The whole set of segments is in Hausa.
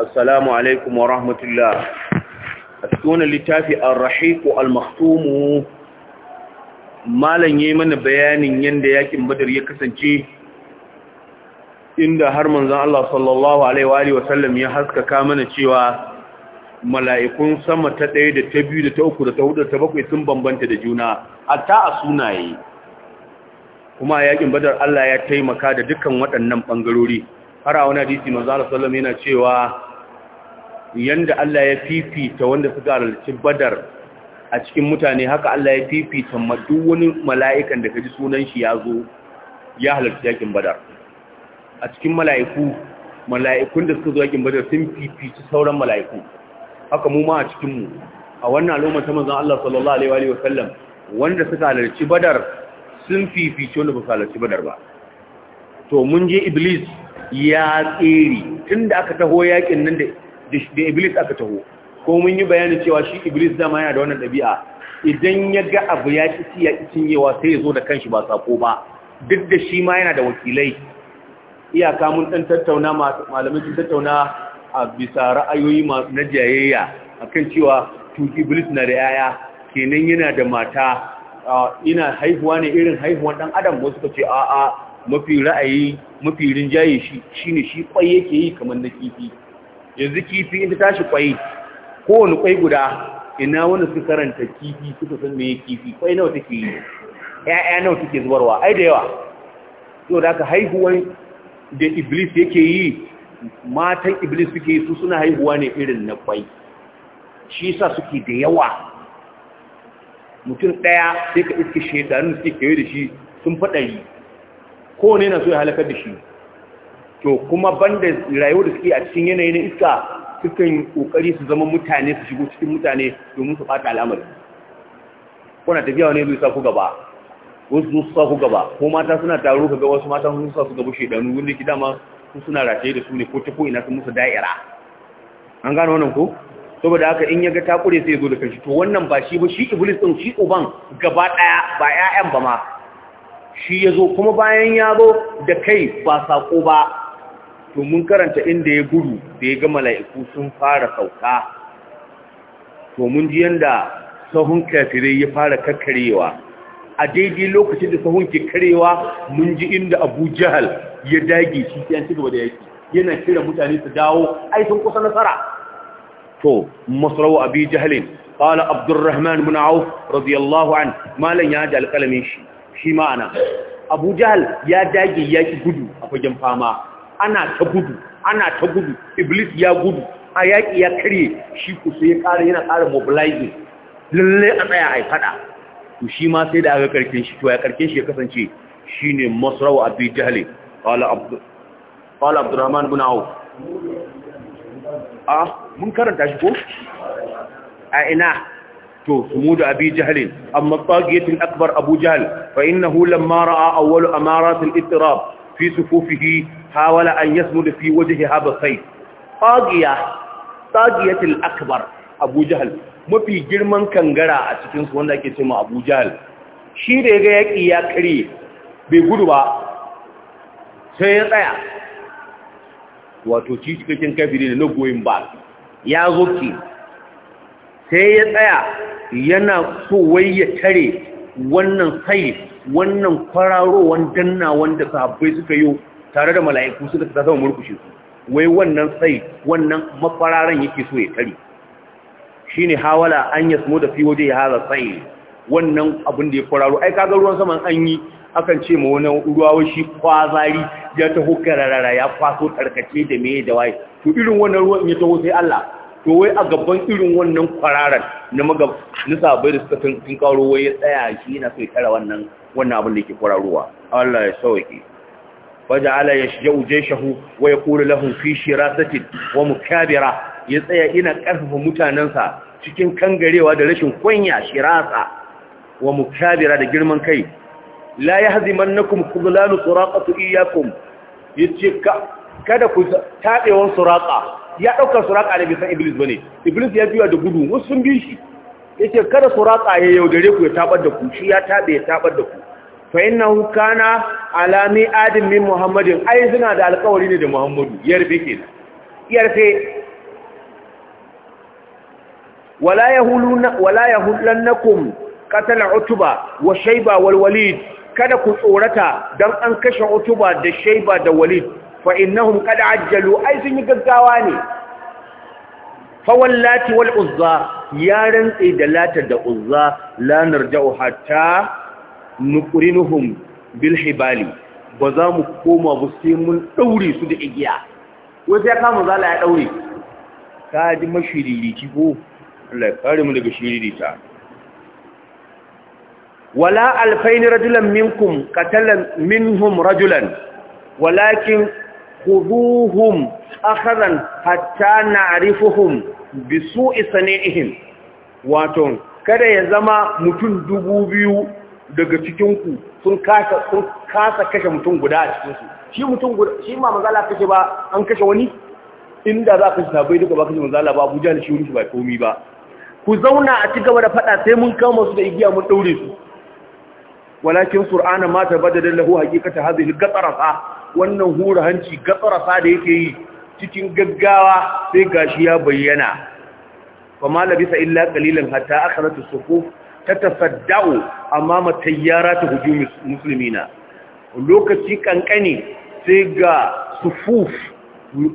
السلام عليكم ورحمة الله أسكون لتافي الرحيق والمختوم ما yayi mana bayanin yanda yakin badar ya kasance inda har ذا Allah صلى الله wa وآله وسلم ya haskaka mana cewa mala'ikun sama ta ɗaya da ta biyu da ta uku da sun bambanta da juna a sunaye kuma yakin badar Allah ya taimaka da dukkan waɗannan bangarori har a wani hadisi manzo Allah sallallahu yana cewa yanda Allah ya fifita wanda suka halarci Badar a cikin mutane haka Allah ya fifita duk wani mala'ikan da kaji sunan shi ya zo ya halarci yakin Badar a cikin mala'iku mala'ikun da suka zo yakin Badar sun fifici sauran mala'iku haka mu ma a cikin mu a wannan al'umma ta mazan Allah sallallahu alaihi wa sallam wanda suka halarci Badar sun fifita wanda ba su halarci Badar ba to mun je Iblis ya tsere tun da aka taho yakin nan da iblis aka taho ko mun yi bayanin cewa shi iblis zama yana da wannan ɗabi'a idan ya ga abu ya ci ya cinyewa sai ya zo da kanshi ba sako ba duk da shi ma yana da wakilai iyaka mun ɗan tattauna malamai sun tattauna a bisa ra'ayoyi na jayayya akan cewa tuki iblis na da yaya kenan yana da mata ah, ina haihuwa ne irin haihuwan ɗan adam wasu ka ce a'a mafi ra'ayi mafi rinjaye shi shine shi kwai yake yi kamar na kifi yanzu kifi in ta tashi kwai kowane kwai guda ina wani suka karanta kifi suka san me kifi kwai nawa take yi ƴaƴa nawa take zubarwa ai da yawa to da ka haihuwar da iblis yake yi matan iblis suke yi su suna haihuwa ne irin na kwai shi yasa suke da yawa mutum ɗaya sai ka iske shaidanun suke kewaye da shi sun faɗari Ko ne na so ya halaka da shi to kuma banda rayuwa da suke a cikin yanayi na iska sukan kokari su zama mutane su shigo cikin mutane domin su fata al'amari kuna tafiya wani zai sa ku gaba wasu zo su sa ku gaba ko mata suna taro kaga wasu mata sun sa su gaba shedanu wanda ki dama su suna rataye da su ne ko ta ko ina sun musu da'ira an gano wannan ko saboda haka in yaga ga kure sai ya zo da kanshi to wannan ba shi ba shi iblis din shi uban gaba daya ba ƴaƴan ba ma shi ya zo kuma bayan ya zo da kai ba saƙo ba to mun karanta inda ya gudu da ya ga mala'iku sun fara sauka to mun ji yanda sahun kafirai ya fara kakkarewa a daidai lokacin da sahun ke karewa mun ji inda abu jahal ya dage shi ke ci gaba da yaki yana kira mutane su dawo ai sun kusa nasara to masarau abi jahalin qala abdurrahman bin auf radiyallahu an ya ji alƙalamin shi shi ma'ana abu jahal ya dage ya ki gudu a fagen fama ana ta gudu ana ta gudu iblis ya gudu a yaƙi ya karye shi ku sai ya ƙara yana ƙara mobilizing lalle a tsaya a faɗa to shi ma sai da aka karkin shi to ya karkin shi ya kasance shine ne masarau a bi abdu ƙwala abdurrahman bin auf a ah, mun karanta shi ko a ina to sumud abi jahl amma tsagiyatin akbar abu jahl fa innahu lamma ra'a awwal amarat al-ittirab fi sufufihi hawala an yasmud fi wajhi haba sayf taqiya taqiyatul akbar abu jahl mafi girman kangara a cikin su wanda ake cewa abu jahl shi da yaga yaki ya kare bai gudu ba sai ya tsaya wato cikakken kafiri ne na goyin ba ya zo ki sai ya tsaya yana so wai ya tare wannan sai wannan kwararowan danna wanda sahabbai suka yi tare da mala'iku suka ta sama murkushe su wai wannan sai wannan makwararan yake so ya tare shine hawala an yasmo da fi waje ya haza sai wannan abin da ya kwararo ai kaga ruwan saman an yi akan ce ma wani ruwa shi kwazari ya taho kararara ya kwaso tarkace da me da waye to irin wannan ruwan ya taho sai Allah to wai a gaban irin wannan kwararan na magab na sabai da suka tun karo wai ya tsaya shi yana so ya tara wannan wannan abin da yake kwararowa Allah ya sauke waja'ala yashja'u jayshahu wa yaqulu lahum fi shirasatin wa mukabira ya tsaya ina karfafa sa cikin kangarewa da rashin kunya shirasa wa mukabira da girman kai la yahzimannakum khudlanu suraqatu iyyakum yace ka kada ku taɓewar suraka ya ɗaukar suraka ne bisan iblis ba ne iblis ya biya da gudu wasu sun bi shi ya ce kada suraka ya yaudare ku ya taɓar da ku shi ya taɓe ya taɓar da ku fa inna kana alami adin min muhammadin ai suna da alkawari ne da muhammadu yarfe ke yarfe wala yahuluna wala yahulannakum qatal utuba wa shayba wal walid kada ku tsorata dan an kashe utuba da shayba da walid fa innahum qad ajjalu ai sun yi gaggawa ne fa wallati wal uzza ya rantsi da lata da uzza la narja'u hatta nuqrinuhum bil hibali ba za mu koma ba sai mun daure su da igiya wai sai kama zala ya daure ka ji mashiririci ko Allah ya kare mu daga shiririta wala alfain rajulan minkum qatalan minhum rajulan walakin khuduhum akhadan hatta na'rifuhum bi su'i sani'ihim wato kada ya zama mutum dubu biyu daga cikin ku sun kasa sun kasa kashe mutum guda a cikin su shi mutum guda shi ma manzala kashe ba an kashe wani inda za ka shi sabai duka ba kashe manzala ba Abuja ne shi wani ba komi ba ku zauna a cigaba da fada sai mun kama su da igiya mun daure su walakin qur'ana ma tabadda lahu haqiqata hadhihi al-qatarasa wannan hura hanci gatsarasa da yake yi cikin gaggawa sai gashi ya bayyana fama labisa illa qalilan hatta akharat as-sufuf tatafadda'u amama tayyarat hujum muslimina lokaci ƙanƙani sai ga sufuf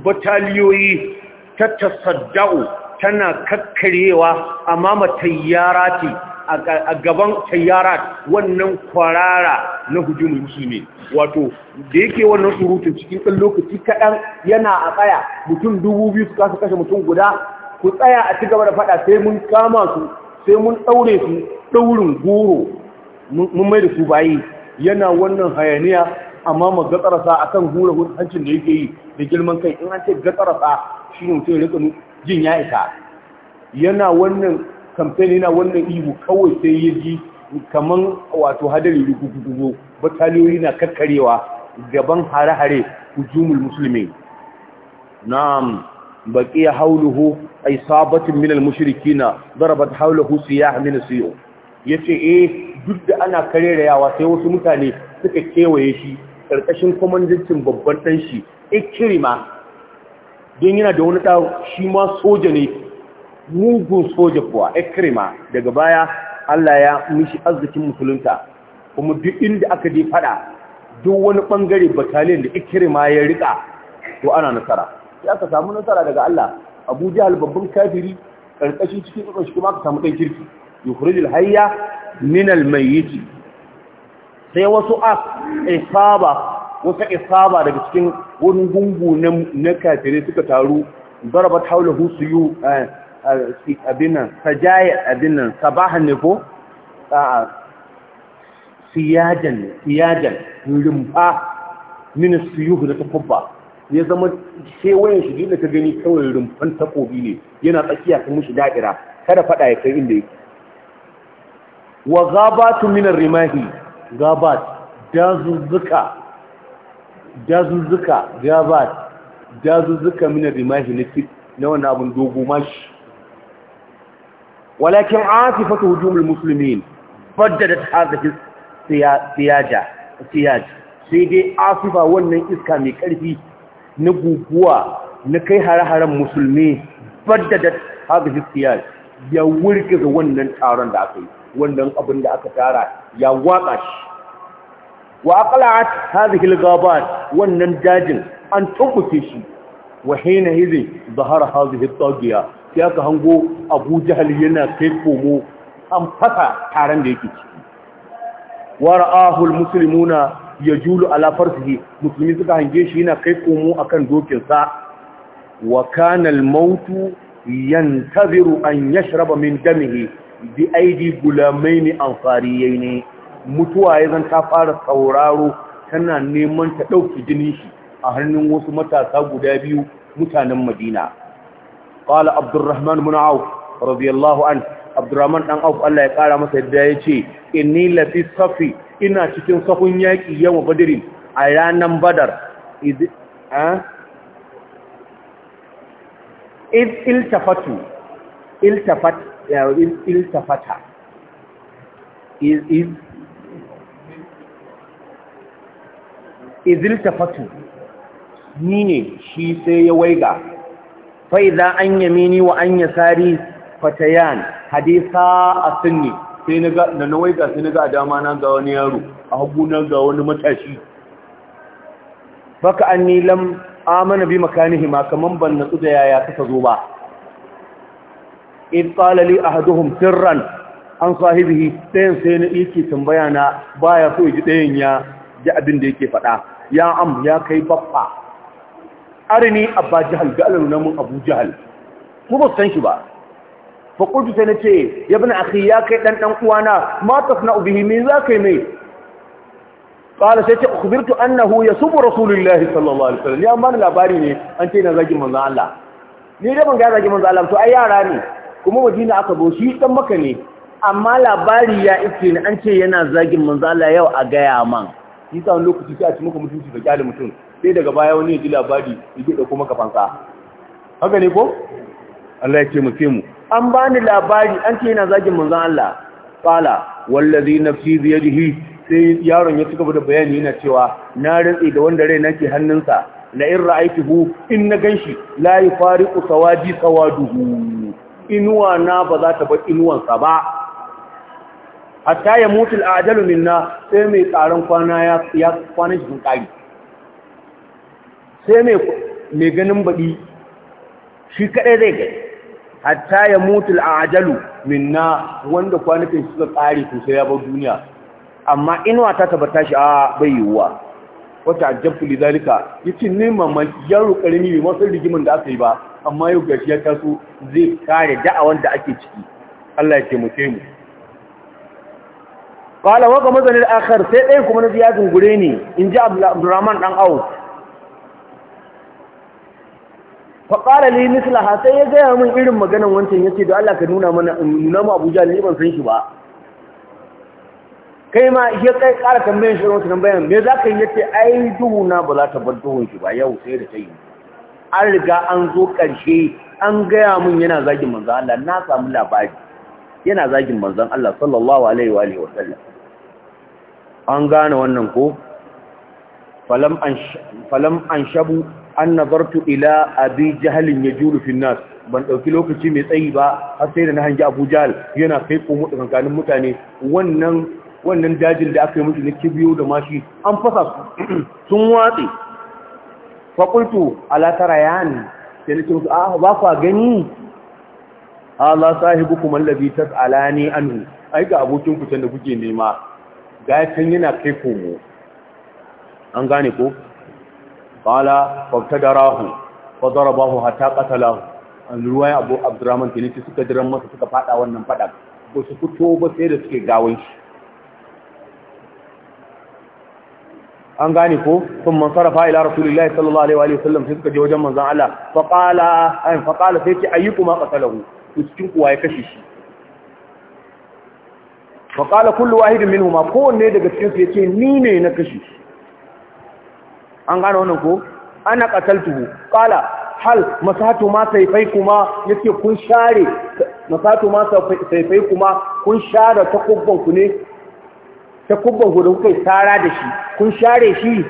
bataliyoyi tatafadda'u tana kakkarewa amama tayyarati a gaban tayyarat wannan kwarara na hujumul musulmi wato da yake wannan surutun cikin ɗan lokaci kaɗan yana a tsaya mutum dubu biyu su kasa kashe mutum guda ku tsaya a ci gaba da faɗa sai mun kama su sai mun ɗaure su ɗaurin goro mun mai da su bayi yana wannan hayaniya amma mu gatsarasa akan hura hancin da yake yi da girman kai in an ce gatsarasa shi ne mutum ya rika jin ya isa yana wannan kamfen yana wannan ihu kawai sai ya ji kaman wato hadari rukukuzo bataliyoyi na karkarewa gaban hare-hare hujumul musulmi Na na'am baqiya hawluhu sabatin minal su ya hamina su yau Ya ce e, duk da ana kare yawa sai wasu mutane suka kewaye shi karkashin kwamandancin babban dan shi don yana da wani ɗa shi ma soja ne mugun soja kuwa ikrima daga baya Allah ya mishi arzikin musulunta kuma duk inda aka je fada duk wani bangare batalin da ikrima ya rika to ana nasara sai aka samu nasara daga Allah Abu Jahl babban kafiri karkashin cikin tsotson shi kuma aka samu dan kirki yukhrijul hayya min al mayyit sai wasu as isaba wasu isaba daga cikin wani gungu na kafirai suka taru darabat haulahu suyu eh, abinan sajaya abinan sabahan ne ko a siyajan siyajan rumfa mini suyuhu da kubba ya zama kewayen shi dina ka gani kawai rumfan takobi ne yana tsakiya kan mushi da'ira kada fada ya kai inda yake wa gabatu min rimahi gabat dazuzzuka dazuzzuka gabat dazuzzuka min rimahi na wani abin dogo mashi walakin asifatu hujumul muslimin faddadat hadhihi siyaja siyaja sai dai asifa wannan iska mai ƙarfi na guguwa na kai hare-haren musulmi faddadat hadhihi siyaja ya wurgiza wannan taron da aka yi wannan abin da aka tara ya waka shi wa aqla'at hadhihi al wannan dajin an tumbuke shi wa hina hizi zahara ya ka hango abu jahal yana kai komo an fasa taron da yake ciki wara'ahul muslimuna ya julu ala farsihi musulmi suka hange shi yana kai komo akan dokinsa wa kana al-mautu yantaziru an yashraba min damihi bi aidi gulamaini anfariyaini mutuwa ya zan ta fara sauraro tana neman ta dauki jinin shi a hannun wasu matasa guda biyu mutanen Madina qala abdurrahman ibn auf radiyallahu an abdurrahman dan auf Allah ya kara masa yadda yace inni lafi safi ina cikin safun yaki yawan badri a ranan badar iz a iz iltafatu iltafat ya iltafata iz iz iziltafatu ni ne shi sai ya waiga fa idza an yamini wa an yasari fatayan hadisa asunni sai naga da nawai ga sai naga dama na ga wani yaro a hagu na ga wani matashi baka annilan lam amana bi makanin hima kamar ban natsu da yaya kaka zo ba id qala li ahaduhum sirran an sahibihi dayan sai na yake tambaya na baya so ji dayan ya ji abin da yake faɗa ya am ya kai baffa arini abba jahal ga alalu namun abu jahal ku ba san shi ba fa qultu sai nace ya ibn akhi ya kai dan dan uwana ma tasna'u bihi me za kai mai qala sai ce ukhbirtu annahu yasubu rasulullahi sallallahu alaihi wasallam ya man labari ne an ce na zagi manzo Allah ni da ban ga zagi manzo Allah to ai yara ne kuma madina aka zo shi dan maka ne amma labari ya ice ne an ce yana zagin manzo Allah yau a gaya man yi sa wani lokaci sai a ci maka mutunci da kyale mutum sai daga baya wani ya ji labari ya ke ɗauko maka fansa haka ne ko Allah ya ce mu sai mu an bani labari an ce yana zagin manzon Allah qala wallazi nafsi bi yadihi sai yaron ya cigaba da bayani yana cewa na rantsi da wanda rai nake hannunsa la in ra'aytuhu in na ganshi la yufariqu sawadi sawaduhu inuwa na ba za ta bar inuwansa ba hatta ya mutu al'ajalu minna sai mai tsaron kwana ya kwanan kwana shi kai sai mai mai ganin baɗi shi kadai zai gani hatta ya mutu al'ajalu minna wanda kwanakin suka kare to sai ya bar duniya amma inuwa ta tabbata shi a bai yiwuwa wata ajabtu Ya yace ne mamaki yaro karimi bai masu rigimin da aka yi ba amma yau gashi ya taso zai kare da'awar da ake ciki Allah ya taimake mu qala waka kama akhar sai ɗaya kuma na ya gure ne, in ji abdurrahman ɗan awu faƙala qala nisla, mislaha sai ya gaya min irin maganan wancan ya ce, da Allah ka nuna mana nuna mu Abuja ne ban san shi ba kai ma ya kai ƙara tambayin shi wata tambayan me za ka yi ce? ai duhu na ba za ta bar duhun shi ba yau sai da yi. an riga an zo ƙarshe an gaya mun yana zagin manzan Allah na samu labari yana zagin manzan Allah sallallahu alaihi wa sallam an gane wannan ko falam an shabu an nazartu ila abi jahalin ya juru finnas ban ɗauki lokaci mai tsayi ba har sai da na hangi abu jahal yana kai komo tsakankanin mutane wannan dajin da aka yi mutu na kibiyo da mashi an fasa sun watsi fakultu alatara yani sai na ce ah ba kwa gani Allah sahibu kuma labi tas'alani anhu ai ga abokin ku da kuke nema ga can yana kai komo an gane ko qala faqtadarahu fa darabahu hatta qatalahu an ruwa abu abdurrahman tinisi suka jiran masa suka fada wannan fada ko su fito ba sai da suke gawon shi an gane ko sun mansara fa’ila ila rasulullahi sallallahu alaihi wa sallam sai suka je wajen manzan Allah Faƙala sai ce ayyukuma ku, cikin kuwa ya kashe shi faƙala kullum kullu wahidin ma kowanne daga cikin su ce ni ne na kashi an gane wannan ko ana tuhu. ƙala hal masato ma saifai kuma ya ce kun share masato ma saifai kuma kun share takubban ku ne takubban ku da kuka tsara da shi kun share shi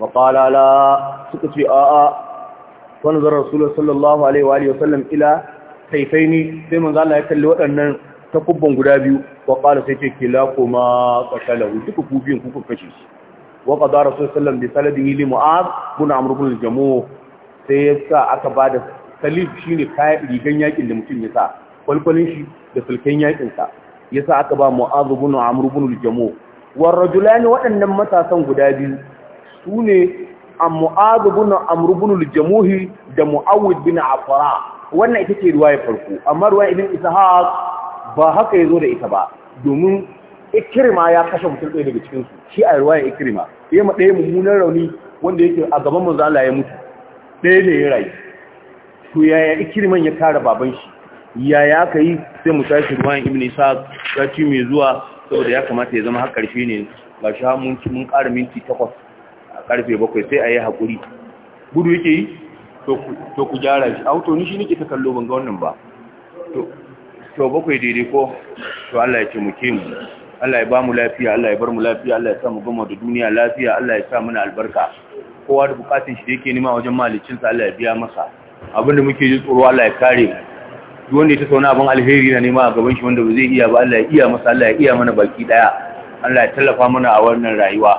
maƙala la suka ce a a wannan rasulullahi sallallahu alaihi wa sallam ila saifai ne, sai manzo ya kalli waɗannan ta kubban guda biyu wa qala sai ce kila kuma ƙasala duka ku biyun kashe shi wa qada rasul sallam da saladihi li mu'az bin amr bin jamo. sai sa aka ba da salif shi ne kayan rigan yakin da mutum ya sa kwalkwalin shi da sulken yakin sa yasa aka ba mu'az guna jamo. waɗannan matasan guda biyu sune mu'az da mu'awid bin afara. wannan ita ce ya farko amma riwaya ibn ishaq ba haka ya zo da ita ba domin ikirma ya kashe mutum ɗaya daga cikinsu shi a ruwayan ikirma ya ma ɗaya mummunan rauni wanda yake a gaban manzala ya mutu ɗaya da ya rayu to yaya ikirman ya kare baban shi yaya aka yi sai mu tashi ruwayan ibn isa sati mai zuwa saboda ya kamata ya zama har karshe ne ga shi mun mun ƙara minti takwas a karfe bakwai sai a yi haƙuri gudu yake yi to ku gyara shi a hoto ni shi nake ta kallo ban ga wannan ba to bakwai daidai ko to Allah ya ce mu ke mu Allah ya ba mu lafiya Allah ya bar mu lafiya Allah ya sa mu gama da duniya lafiya Allah ya sa muna albarka kowa da bukatun shi da yake nema wajen sa Allah ya biya masa abinda muke ji tsoro Allah ya kare mu duk wanda ya ta sauna abin alheri na nema a gaban shi wanda ba zai iya ba Allah ya iya masa Allah ya iya mana baki daya Allah ya tallafa mana a wannan rayuwa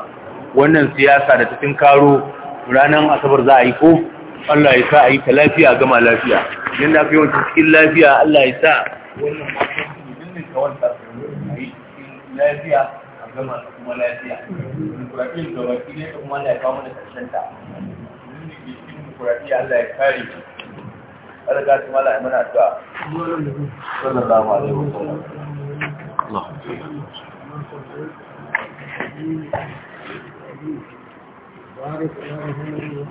wannan siyasa da ta karo ranar asabar za a yi ko Allah ya sa a yi ta lafiya gama lafiya yanda aka yi wancan cikin lafiya Allah ya sa wannan ma ta mutum ka wanda a yi lafiya a gama kuma lafiya demokuraɗiyyar gaba baki ne ta kuma Allah mana ƙarshen ta da ke cikin demokuraɗiyya Allah ya kare Allah ya ta mala mana addu'a sallallahu alaihi wa sallam Allah بارك الله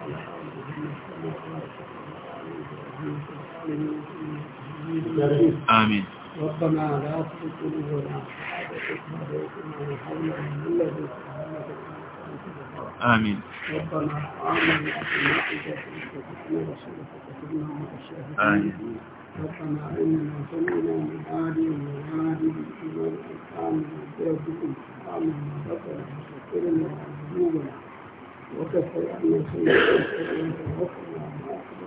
آمين ربنا لا تزغ قلوبنا بعد إذ هديتنا وهب لنا من لدنك آمين ربنا آمنا بما أنزلت وكتبنا مع الشاهدين ربنا إننا أن آمنوا وكفر عنا سيئاتنا